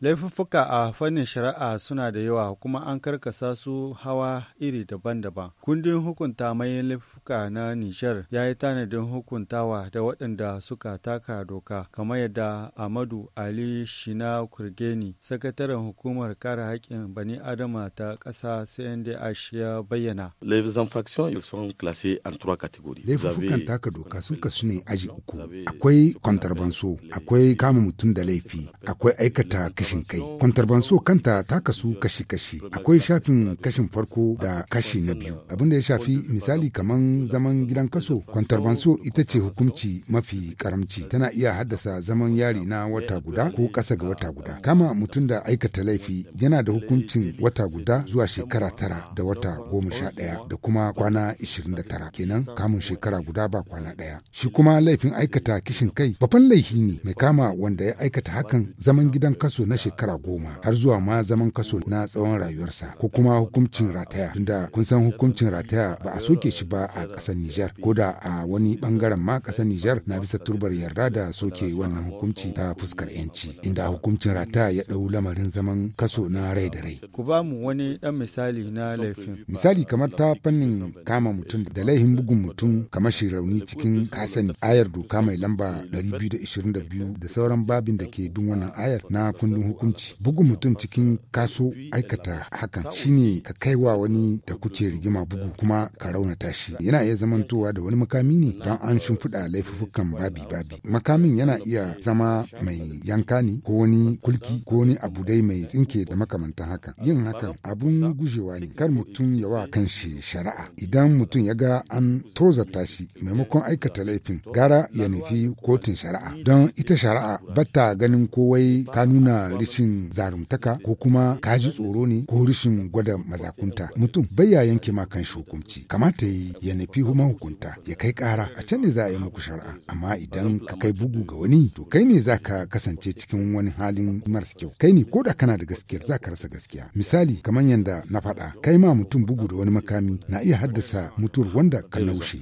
Laifuffuka a fannin shari'a suna da yawa kuma an karkasa su hawa iri daban-daban. Kundin hukunta mayan laifuka na Nijar ya yi tanadin hukuntawa da waɗanda suka taka doka, kamar yadda Amadu Ali Shina Kurgeni, sakataren hukumar kare haƙƙin bani Adama ta ƙasa CNDH ya bayyana. Laifuffukan taka doka sun kasu ne aji uku. Akwai kwantarbanso, akwai kama mutum da laifi, akwai aikata kashin kai. Kwantarbanso kanta ta kasu kashi-kashi. Akwai shafin kashin farko da kashi na biyu. Abin da ya shafi misali kaman zaman gidan kaso, kwantarbanso ita ce hukunci mafi karamci. Tana iya haddasa zaman yari na wata guda ko ƙasa ga wata guda. Kama mutum da aikata laifi yana da hukuncin wata guda zuwa shekara tara da wata goma sha ɗaya da kuma kwana ishirin da tara kenan kamun shekara guda ba kwana ɗaya. Shi kuma laifin aikata kishin kai babban laifi ne mai kama wanda ya aikata hakan zaman gidan kaso na shekara goma har zuwa ma zaman kaso na tsawon rayuwarsa ko kuma hukuncin rataya tunda kun san hukuncin rataya ba a soke shi ba a ƙasar Nijar ko da a wani bangaren ma ƙasar Nijar na bisa turbar yarda da soke wannan hukunci ta fuskar yanci inda hukuncin rataya ya ɗau lamarin zaman kaso na rai da rai. Ku ba mu wani ɗan misali na laifin. Misali kamar ta fannin kama mutum da laifin bugun mutum kamar shi rauni cikin kasani ayar doka mai lamba 222 da sauran babin da ke bin wannan ayar na kundin hukunci bugun mutum cikin kaso aikata hakan shine ka kaiwa wani da kuke rigima bugu kuma ka raunata shi yana iya zamantowa da wani makami ne don an shimfiɗa laifukan babi babi makamin yana iya zama mai yanka ne ko wani kulki ko wani abu dai mai tsinke da makamantan hakan yin hakan abun gujewa ne kar mutum ya wa kanshi shari'a idan mutum ya ga an toza shi maimakon aikata laifin gara ya nufi kotun shari'a don ita shari'a bata ganin kowai ka nuna rishin zarumtaka ko kuma kaji tsoro ne ko rishin gwada mazakunta mutum bai ya yanke ma kan hukunci kamata yi ya nufi hukunta. ya kai kara a can ne za a yi muku shari'a amma idan ka kai bugu ga wani to kai ne za ka kasance cikin wani halin marasa kyau kai ne ko da kana da gaskiyar za ka rasa gaskiya misali kamar yadda na faɗa kai ma mutum bugu da wani makami na iya haddasa mutuwar wanda ka naushe.